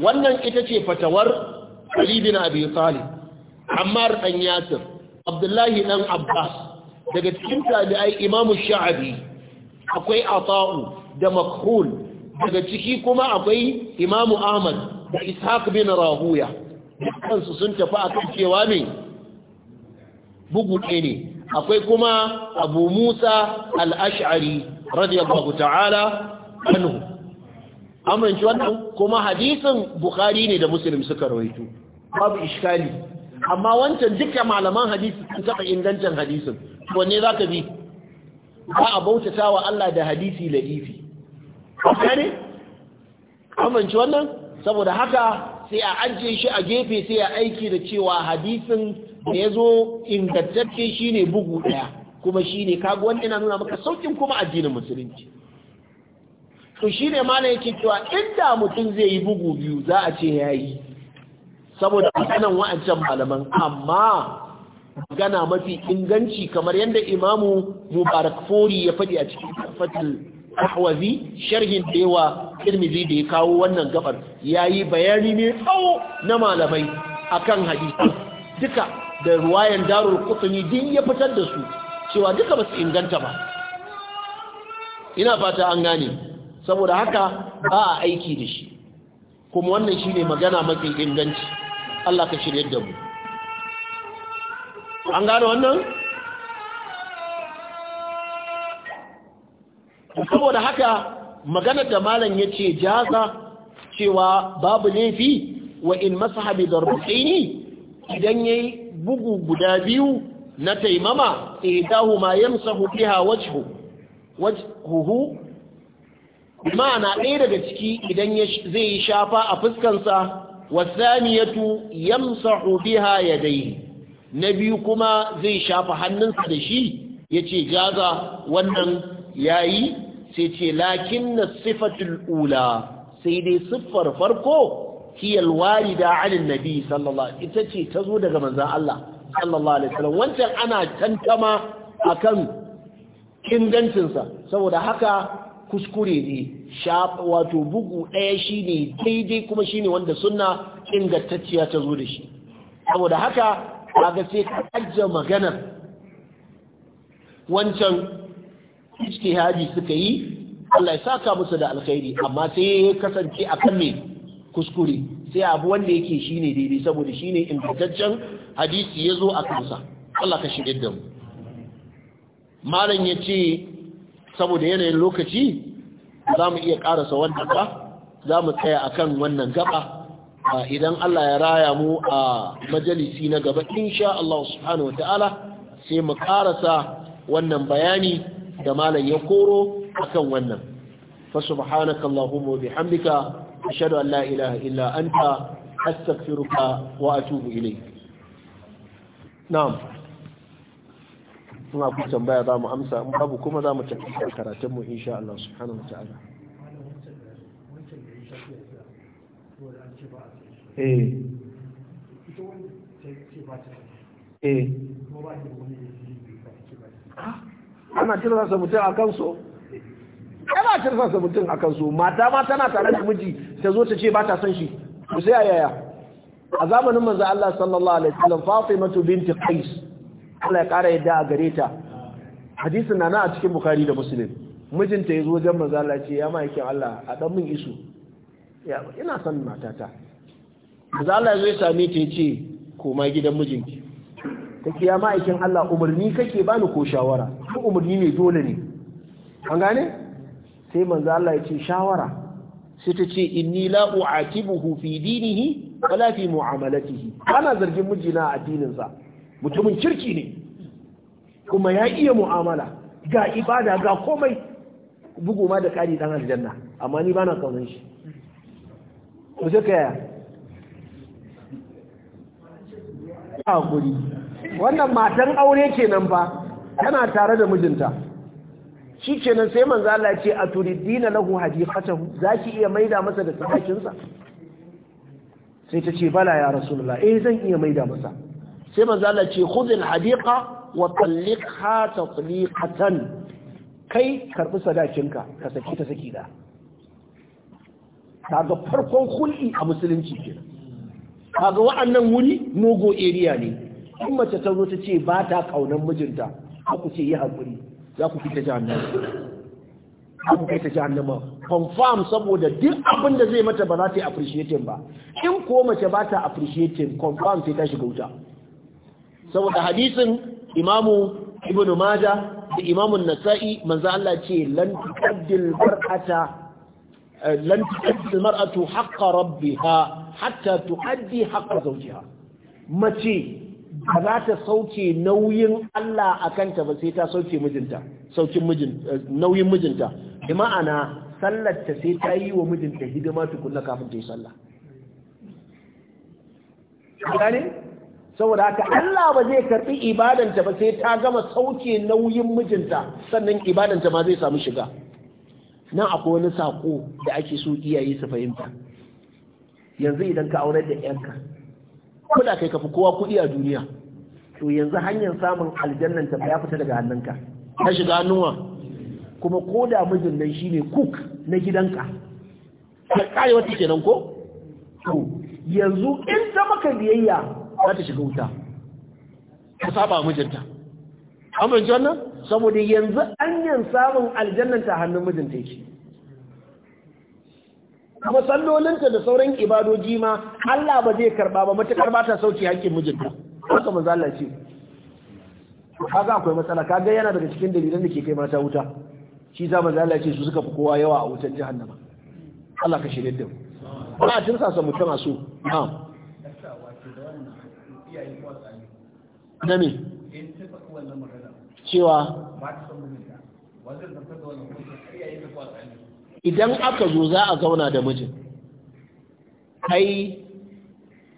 A: wannan ita ce fatawar Ali bin Abi Ammar ɗan Yasir Abdullahi Ɗan Abbas daga cikin tabi'ai Imamu Sha'abi akwai Ata'u da Makhul daga ciki kuma akwai Imamu Ahmad da Ishaq bin Rahuya kansu sun tafi akan cewa ne bugu ɗaya ne akwai kuma abu musa al'ash'ari radiyallahu ta'ala anhu amince wannan kuma hadisin bukhari ne da muslim suka rawaito babu iskali amma wancan duka malaman hadisi sun taɓa ingancin hadisin wanne za ka bi ba a bautatawa Allah da hadisi laifi ne? amince wannan saboda haka sai a ajiye shi a gefe sai a aiki da cewa hadisin da ya zo ingantacce ne bugu ɗaya kuma shine kaga wanda yana nuna maka saukin kuma addinin musulunci to shine malam yake cewa inda mutum zai yi bugu biyu za a ce yi, saboda maganan wa'ancan malaman amma Gana mafi inganci kamar yadda imamu mubarak fori ya faɗi a cikin fatil ahwazi sharhin da yawa zai da ya kawo wannan gabar ya yi bayani ne tsawo na malamai akan hadisi duka da ruwayan darul kutuni din ya fitar da su cewa duka ba su inganta ba ina fata an gane saboda haka ba a aiki da shi kuma wannan shi ne magana mafi inganci Allah ka shirya da mu an gane wannan? saboda haka maganar da malam ya ce jaza cewa babu laifi wa in masahabi ne idan ya yi bugu guda biyu na taimama idahu ma yamsahu biha wajhu wajhuhu ma'ana ɗaya daga ciki idan zai yi shafa a fuskansa wasaniyatu yamsahu biha yadayhi na biyu kuma zai shafa hannunsa da shi ya ce jaza wannan yayi sai ce lakin na sifatul ula sai dai siffar farko hiyal warida anin nabi sallallahu ita ce ta zo daga manzan Allah sallallahu alaihi wasallam wancan ana tantama akan ingancinsa saboda haka kuskure ne wato bugu ɗaya shine daidai kuma shine wanda sunna ingantacciya ta zo da shi saboda haka kaga sai ka ajja maganar wancan ijtihadi suka yi Allah ya saka musu da alkhairi amma sai ya kasance akan me kuskure sai abu wanda yake shine daidai saboda shine ingantaccen hadisi ya zo a kansa Allah ka shigar da mu malam ya ce saboda yanayin lokaci za mu iya ƙarasa wannan ba za mu tsaya akan wannan gaba idan Allah ya raya mu a majalisi na gaba insha Allah subhanahu wataala sai mu ƙarasa wannan bayani da malam ya koro akan wannan fa subhanakallahumma wa bihamdika أشهد أن لا إله إلا anta أستغفرك وأتوب إليك نعم na'am kuma ku tambaya za mu amsa in babu kuma za mu tafi karatun mu insha eh eh ana kira mu ta a kansu cin tirsasa mutum akan su mata ma tana tare da miji ta zo ta ce ba ta son shi ku sai ayaya a zamanin manzo Allah sallallahu alaihi wasallam Fatima binti Qais Allah ya kara yadda a gare ta hadisin na a cikin Bukhari da Muslim mijinta ya zo wajen manzo Allah ce ya maikin Allah a dan min isu ina son matata manzo Allah ya zo ya same ta yace ce koma gidan mijinki kake ya ma'aikin Allah umarni kake bani ko shawara ko umarni ne dole ne an gane sai manzo Allah ya ce shawara sai ta ce inni la u'atibuhu fi dinihi wala fi mu'amalatihi ana zargin mijina a addinin sa mutumin kirki ne kuma ya iya mu'amala ga ibada ga komai bugu ma da kari dan aljanna amma ni bana kaunan shi ko sai kaya hakuri wannan matan aure kenan fa tana tare da mijinta shi kenan sai manzo Allah ya ce a aturidina lahu hadifatahu zaki iya maida masa da sadakinsa sai ta ce bala ya rasulullah eh zan iya maida masa sai manzo Allah ce khudhil hadiqa wa talliqha tatliqatan kai karbi sadakin ka saki ta saki da kaga farkon hul'i a musulunci kenan kaga wa'annan wuri nogo area ne in mace ta zo ta ce ba ta kaunan mijinta ku ce yi hakuri za ku fita jahannama za ku fita jahannama confirm saboda duk abin da zai mata ba za ta yi appreciating ba in ko mace ba ta appreciating confirm sai ta shiga wuta saboda hadisin imamu ibn maja da imamun nasa'i manzo Allah ce lan tuqaddil mar'ata lan tuqaddil mar'atu haqqa rabbiha hatta tuaddi haqqa zawjiha mace ba za ta sauke nauyin Allah a kanta ba sai ta sauke mijinta saukin eh, nauyin mijinta da ma'ana sallar ta sai ta yi wa mijinta hidima tukunna kafin ta yi sallah gane saboda haka Allah ba zai karbi ibadanta ba sai ta gama sauke nauyin mijinta sannan ibadanta ma zai samu shiga nan akwai wani sako da ake so iyaye su fahimta yanzu idan ka aurar da yanka ko kai kafi kowa kuɗi a duniya to yanzu hanyar samun aljannan ta ya fita daga hannunka ta shiga hannuwa kuma koda da mijin nan shine cook na gidanka ta kare wata kenan ko to yanzu in ta maka biyayya za ta shiga wuta ka saba mijinta amince wannan saboda yanzu hanyar samun aljannan ta hannun mijinta yake kuma sallolinta da sauran ibadoji ma Allah ba zai karba ba matakar ba ta sauke hakkin mijinta haka manzo Allah ce kaga akwai matsala kaga yana daga cikin dalilan da ke kai mata wuta shi za mu Allah ce su suka fi kowa yawa a wutar jahannama Allah ka shirye da mu ba tun sa san mutum a so na'am na me cewa ba ta wannan idan aka zo za a zauna da mijin ai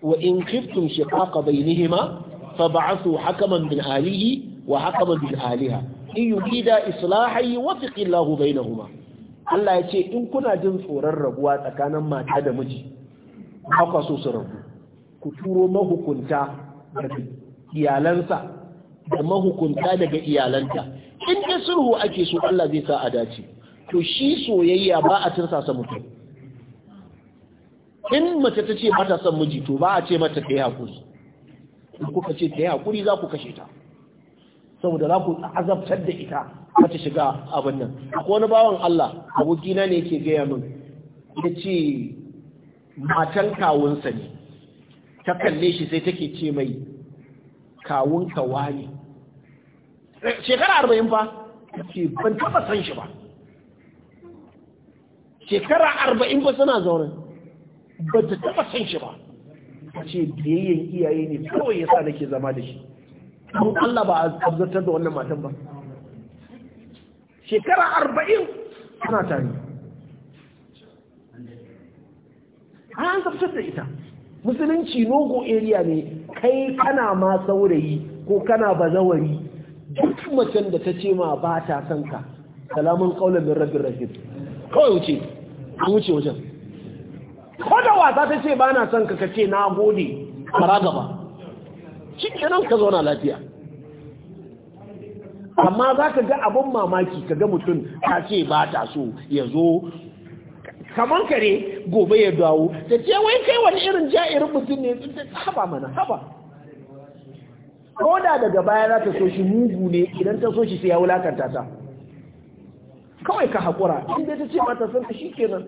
A: wa in kiftum shiqaqa bainihima fab'athu hakaman ma alihi wa hakaman bil aliha in yurida islahi wafiq Allahu bainahuma Allah ya ce in kuna jin tsoron rabuwa tsakanin mata da miji ba so su rabu ku turo mahukunta daga iyalansa da mahukunta daga iyalanta in da sulhu ake so Allah zai sa a dace to shi soyayya ba a tirsasa mutum in mace ta ce mata son miji to ba a ce mata ta yi hakuri. in kuka ce ta yi hakuri za ku kashe ta saboda za ku azabtar da ita ba ta shiga abin nan akwai wani bawan Allah abokina ne yake gaya min ya ce matan kawunsa ne ta kalle shi sai take ce mai kawun wani shekara arba'in fa ce ban taba san shi ba shekara arba'in ba suna zaune ba ta taɓa san shi ba a ce biyayyen iyaye ne kawai yasa nake zama da shi kuma Allah ba a zartar da wannan matan ba shekara arba'in suna tare an zartar da ita musulunci nogo area ne kai kana ma saurayi ko kana bazawari duk macen da ta ce ma ba ta sanka. salamun kaulan min rabin rahim kawai wuce an wuce wajen ko da wasa ta ce ba na son ka ce na gode kara gaba nan ka zauna lafiya amma za ka ga abin mamaki ka ga mutum ta ce ba ta so ya zo kamar kare gobe ya dawo da ce wai kai wani irin ja'irin mutum ne haba mana haba ko daga baya za ta so shi mugu ne idan ta so shi sai ya wulakanta ta kawai ka haƙura in dai ta ce mata san shi kenan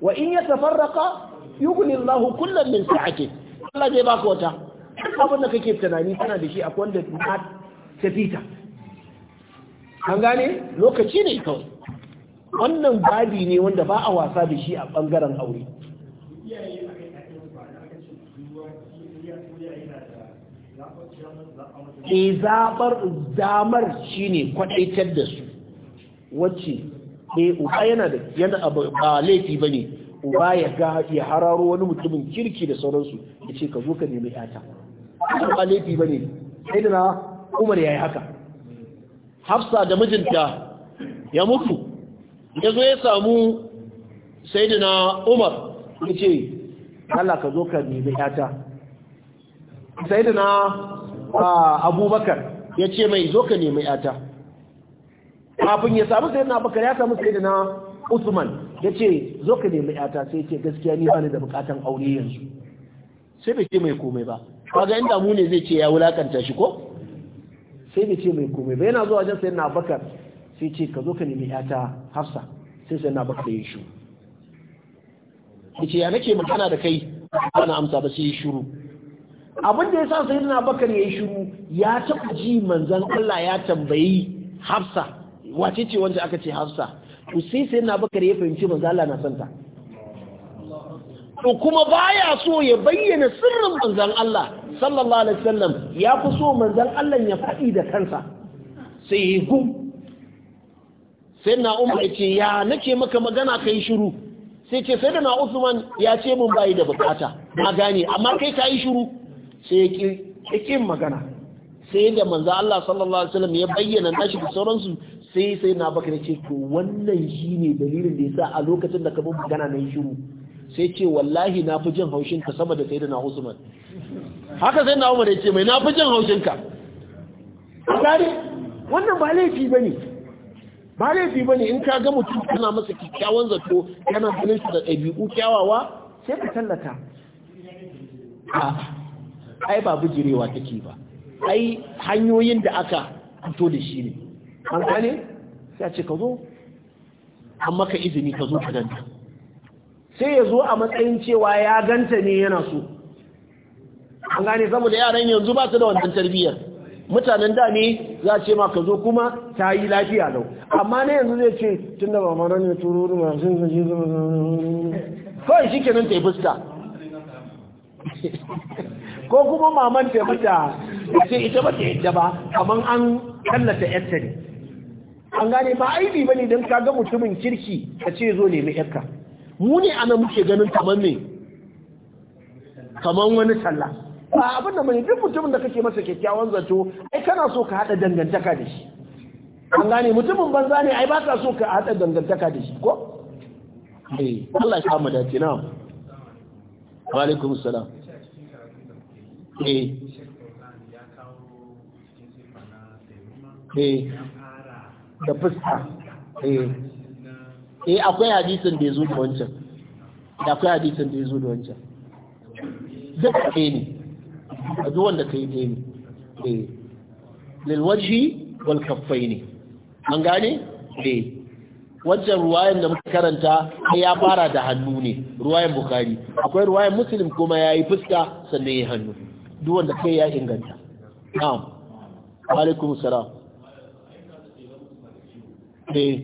A: wa in ya tafarraka yughni Allah kullan min sa'ati Allah zai baka wata abin da kake tunani tana da shi a wanda ta fita an gane lokaci ne kawai wannan babi ne wanda ba a wasa da shi a bangaren aure Eh zaɓar damar shine kwaɗaitar da su wacce eh uba yana da yana abu ba laifi ne uba ya ga ya hararo wani mutumin kirki da sauransu ya ce ka zo ka nemi yata ba laifi ne. sai da na Umar ya yi haka Hafsa da mijinta ya mutu ya zo ya samu sai da na Umar ya ce Allah ka zo ka nemi yata Sai da na ah, Abubakar ya ce mai zo ka nemi yata kafin ya samu sayyidina bakar ya samu sayyidina usman ya ce zo ka nemi yata sai ce gaskiya ni ba ni da bukatan aure yanzu sai bai ce mai komai ba kaga inda mu ne zai ce ya wulakanta shi ko sai bai ce mai komai ba yana zuwa wajen sayyidina bakar sai ce ka zo ka nemi yata hafsa sai sayyidina bakar ya shiru ce ya nake magana da kai ana amsa ba sai ya shiru abin da ya sa sayyidina bakar ya yi shiru ya taɓa ji manzon Allah ya tambayi hafsa wace ce wanda aka ce hafsa to sai sai na bakar ya fahimci manzo Allah na santa to kuma baya so ya bayyana sirrin manzon Allah sallallahu alaihi wasallam ya fi so manzon Allah ya faɗi da kansa sai ya gum sai na Umar ya ce ya nake maka magana kai shiru sai ce sai da na Usman ya ce mun bayi da bukata na gane amma kai ka yi shiru sai ya ki magana sai da manzo Allah sallallahu alaihi wasallam ya bayyana nashi da sauransu sai sai na baka ce to wannan shi ne dalilin da yasa a lokacin da ka bin magana na shiru sai ce wallahi na fi jin haushin ka sama da sai da na Usman haka sai na Umar ya ce mai na fi jin haushin ka gari wannan ba laifi ba ne ba laifi ba ne in ka ga mutum kana masa kyakkyawan zato yana ganin shi da ɗabi'u kyawawa sai ka tallata ai ba bujirewa take ba ai hanyoyin da aka fito da shi ne an gane ya ce ka zo an maka izini ka zo ka ganta sai ya zo a matsayin cewa ya ganta ne yana so an gane saboda yaran yanzu ba su da wannan tarbiyyar mutanen da ne za ce ma ka zo kuma ta yi lafiya lau amma na yanzu zai ce tun da ba mara ne turo ruma sun zaje zama kawai shi kenan ta yi fuska ko kuma maman ta mata ce ita ba ta yadda ba kamar an kallata yadda ne an gane ba aibi bane dan ka ga mutumin kirki ka ce zo nemi yarka mu ne ana muke ganin kamar me kamar wani sallah ba abin da mai duk mutumin da kake masa kyakkyawan zato ai kana so ka hada dangantaka da shi an gane mutumin banza ne ai ba ka so ka hada dangantaka da shi ko eh Allah ya kama dace na
B: wa alaikum salam
A: eh eh da fuska eh eh akwai hadisin da ya zo da wancan da akwai hadisin da ya zo da wancan duk ɗaya ne a duk wanda kai dai ne eh wajhi wal kaffai ne an gane eh wancan ruwayan da muka karanta ya fara da hannu ne ruwayan Bukhari. akwai ruwayan muslim kuma ya yi fuska sannan ya hannu duk wanda kai ya inganta na'am alaikum salam ne eh.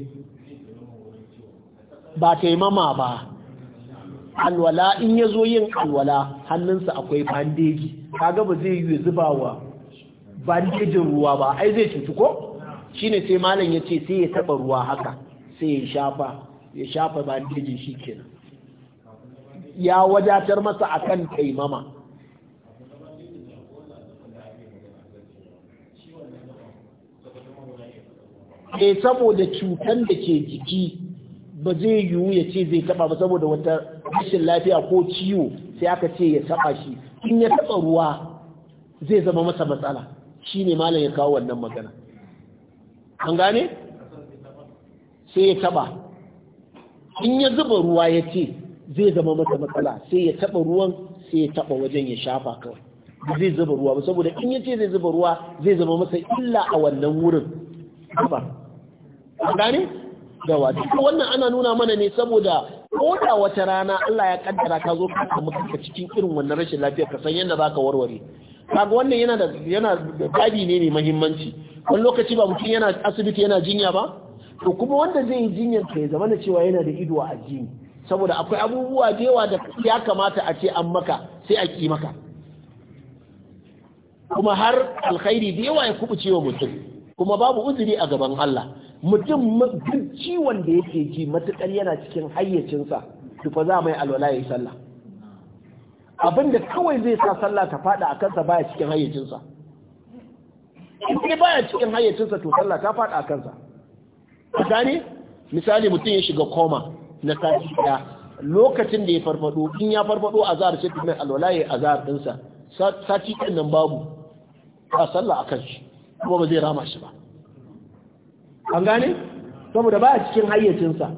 A: ba taimama ba alwala in ya zo yin alwala hannunsa akwai bandeji kaga ba zai yi zuba wa bandejin ruwa ba ai zai cutu ko Shi ne sai malam ya ce sai ya taba ruwa haka sai ya shafa ya shafa bandejin shi kenan ya wajatar masa akan taimama eh saboda cutan da ke jiki ba zai yiwu ya ce zai taba ba saboda wata rashin lafiya ko ciwo sai aka ce ya taba shi in ya taba ruwa zai zama masa matsala ne malam ya kawo wannan magana an gane sai ya taba in ya zuba ruwa ya ce zai zama masa matsala sai ya taba ruwan sai ya taba wajen ya shafa kawai zai zuba ruwa ba saboda in ya ce zai zuba ruwa zai zama masa illa a wannan wurin ba gane gane yawa duk wannan ana nuna mana ne saboda ko da wata rana Allah ya kaddara ka zo ka samu kanka cikin irin wannan rashin lafiya ka san yadda zaka warware kaga wannan yana da yana da dadi ne mai muhimmanci wani lokaci ba mutum yana asibiti yana jinya ba to kuma wanda zai yi jinyar ka ya zama da cewa yana da ido a addini saboda akwai abubuwa da yawa da ya kamata a ce an maka sai a ki maka kuma har alkhairi da yawa ya kubuce wa mutum kuma babu uzuri a gaban Allah mutum duk ciwon da yake ji matuƙar yana cikin hayyacinsa tufa za mai alwala ya yi sallah abinda kawai zai sa sallah ta fada a kansa baya cikin hayyacinsa in dai baya cikin hayyacinsa to sallah ta fada a kansa ka misali mutum ya shiga koma na sati ɗaya, lokacin da ya farfado in ya farfado zahar sai kuma alwala ya azhar dinsa sati ɗin nan babu ba sallah a kan shi kuma ba zai rama shi ba an gane saboda ba a cikin hayyacinsa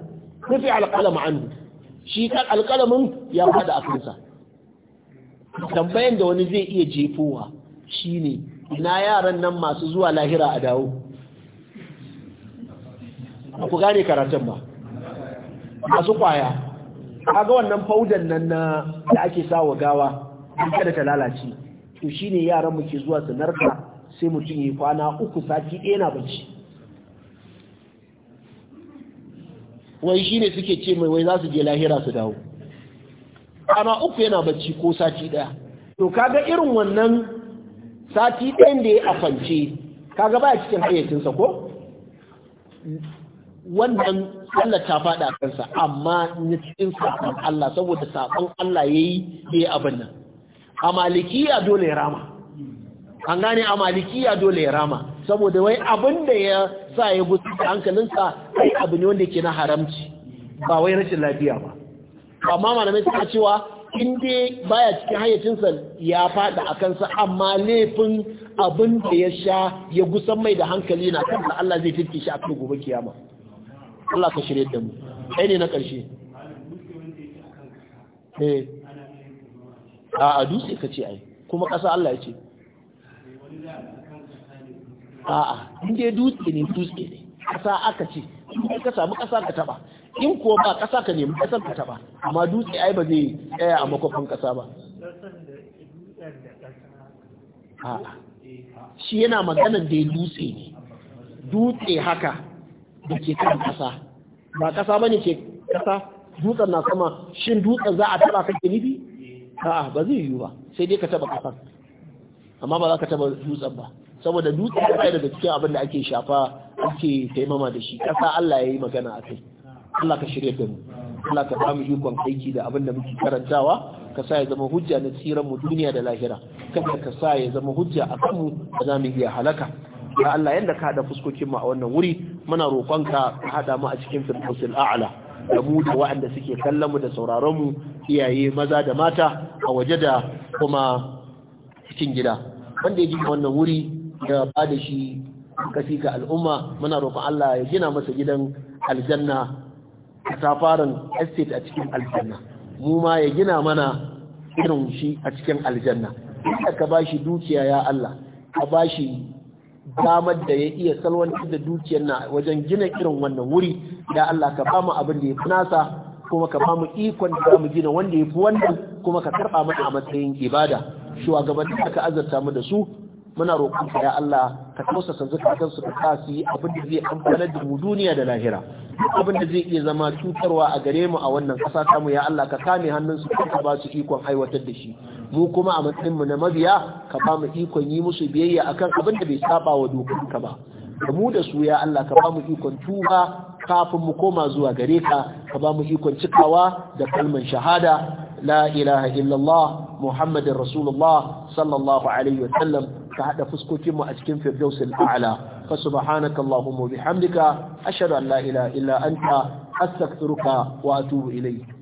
A: nufi alƙalama anhu shi kan alƙalamin ya fada a kansa tambayan da wani zai iya jefowa shine ina yaran nan masu zuwa lahira a dawo ku gane karatun ba masu kwaya kaga wannan faudan nan na da ake sawa gawa kada ta lalace to shine yaran mu ke zuwa su sai mutum ya kwana uku sati ɗaya na bacci wai shine suke ce mai wai za su je lahira su dawo ana uku yana bacci ko sati ɗaya. to kaga irin wannan sati ɗayan da ya afance kaga baya cikin hayyacinsa ko wannan Allah ta faɗa kansa amma na cikin saƙon Allah saboda saƙon Allah ya yi ya abin nan a ya dole ya rama an gane a ya dole ya rama saboda wai abin da ya sa ya gusa da hankalinsa kai abu ne wanda ke na haramci ba wai rashin lafiya ba amma malamai suna cewa in dai baya cikin hayyacinsa ya fada a kansa amma laifin abin da ya sha ya gusan mai da hankali na kansa Allah zai tilke shi a kan gobe kiyama Allah ka shirye da mu kai ne na ƙarshe eh a dutse ka ce ai kuma ƙasa Allah ya ce a'a in dai dutse ne dutse ne ƙasa aka ce in ka samu ƙasa ka taba in kuwa ba ƙasa ka nemi kasa ka taba amma dutse ai ba zai tsaya a makwafin ƙasa ba a'a shi yana maganar da dutse ne dutse haka da ke kan ƙasa ba ƙasa bane ke ƙasa dutsen na sama shin dutsen za a taba kake nibi a'a ba zai yiwu ba sai dai ka taba ƙasan amma ba za ka taba dutsen ba saboda dutse ya daga cikin abin da ake shafa ake taimama da shi ƙasa Allah ya yi magana a kai Allah ka shirya da mu Allah ka samu ikon aiki da abin da muke karantawa ka sa ya zama hujja na tsiran mu duniya da lahira kada ka sa ya zama hujja a kanmu da za mu iya halaka ya Allah yanda ka hada fuskokin mu a wannan wuri muna roƙonka ka hada mu a cikin firdausul a'la da mu da waɗanda suke kallon mu da sauraron mu iyaye maza da mata a waje da kuma cikin gida wanda ya ji wannan wuri da ba da shi kafi ga al'umma muna roƙon Allah ya gina masa gidan aljanna a safarin estate a cikin aljanna mu ma ya gina mana irin shi a cikin aljanna inda ka ba shi dukiya ya Allah ka ba shi damar da ya iya salwantar da dukiyar na wajen gina irin wannan wuri ya Allah ka ba mu abin da ya fi nasa kuma ka ba mu ikon da za mu gina wanda ya fi wannan kuma ka karɓa mana a matsayin ibada shugabannin ka azarta mu da su muna roƙon ya Allah ka tausasa zakatan su ka su yi abin da zai amfanar da mu duniya da lahira abin da zai iya zama cutarwa a gare mu a wannan ƙasa ta mu ya Allah ka kame hannun su ka ba su ikon aiwatar da shi mu kuma a matsayin mu na mabiya ka ba mu ikon yi musu biyayya akan abin da bai saba wa dokarka ba da mu da su ya Allah ka ba mu ikon tuba kafin mu koma zuwa gare ka ka ba mu ikon cikawa da kalman shahada la ilaha illallah muhammadin rasulullah sallallahu alaihi wa sallam ka haɗa fuskokinmu a cikin firdausul a'la fa subhanaka allahumma bihamdika ashhadu an la ilaha illa anta astaghfiruka wa atubu ilayk